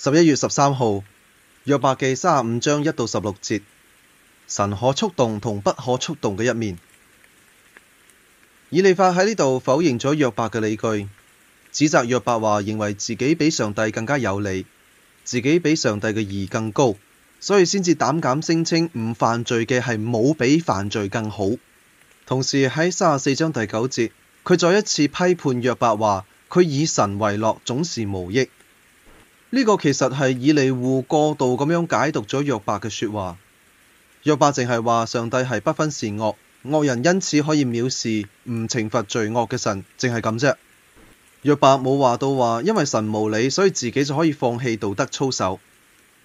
十一月十三號，約伯記三十五章一到十六節，神可觸動同不可觸動嘅一面。以利戶喺呢度否認咗約伯嘅理據，指責約伯話，認為自己比上帝更加有理，自己比上帝嘅義更高，所以先至膽敢聲稱唔犯罪嘅係冇比犯罪更好。同時喺三十四章第九節，佢再一次批判約伯，話佢以神為樂總是無益。呢個其實係以利戶過度咁樣解讀咗約伯嘅說話。約伯淨係話上帝係不分善惡，惡人因此可以藐視唔懲罰罪惡嘅神，淨係咁啫。約伯冇話到話因為神無理，所以自己就可以放棄道德操守。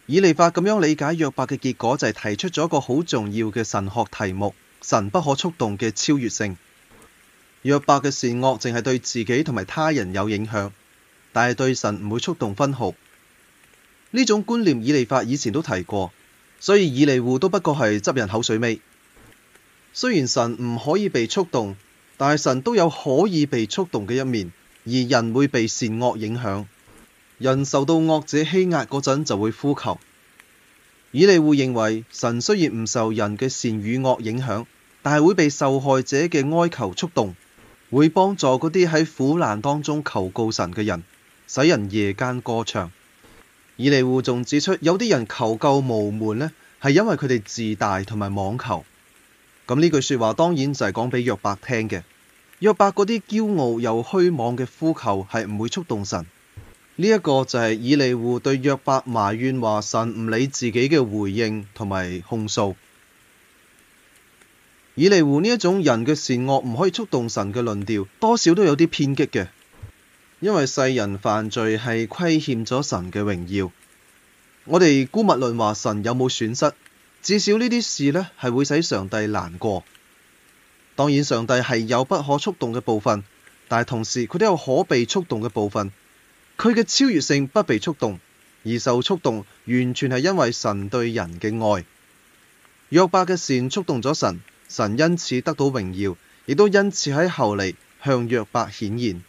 以利法咁樣理解約伯嘅結果就係提出咗一個好重要嘅神學題目：神不可觸動嘅超越性。約伯嘅善惡淨係對自己同埋他人有影響，但係對神唔會觸動分毫。呢種觀念以利法以前都提過，所以以利戶都不過係執人口水尾。雖然神唔可以被觸動，但係神都有可以被觸動嘅一面，而人會被善惡影響。人受到惡者欺壓嗰陣就會呼求。以利戶認為神雖然唔受人嘅善與惡影響，但係會被受害者嘅哀求觸動，會幫助嗰啲喺苦難當中求告神嘅人，使人夜間歌唱。以利戶仲指出，有啲人求救無門呢，係因為佢哋自大同埋妄求。咁呢句說話當然就係講畀約伯聽嘅。約伯嗰啲驕傲又虛妄嘅呼求係唔會觸動神。呢、這、一個就係以利戶對約伯埋怨話神唔理自己嘅回應同埋控訴。以利戶呢一種人嘅善惡唔可以觸動神嘅論調，多少都有啲偏激嘅。因為世人犯罪係虧欠咗神嘅榮耀，我哋姑勿論話神有冇損失，至少呢啲事呢係會使上帝難過。當然，上帝係有不可觸動嘅部分，但係同時佢都有可被觸動嘅部分。佢嘅超越性不被觸動，而受觸動完全係因為神對人嘅愛。約伯嘅善觸動咗神，神因此得到榮耀，亦都因此喺後嚟向約伯顯現。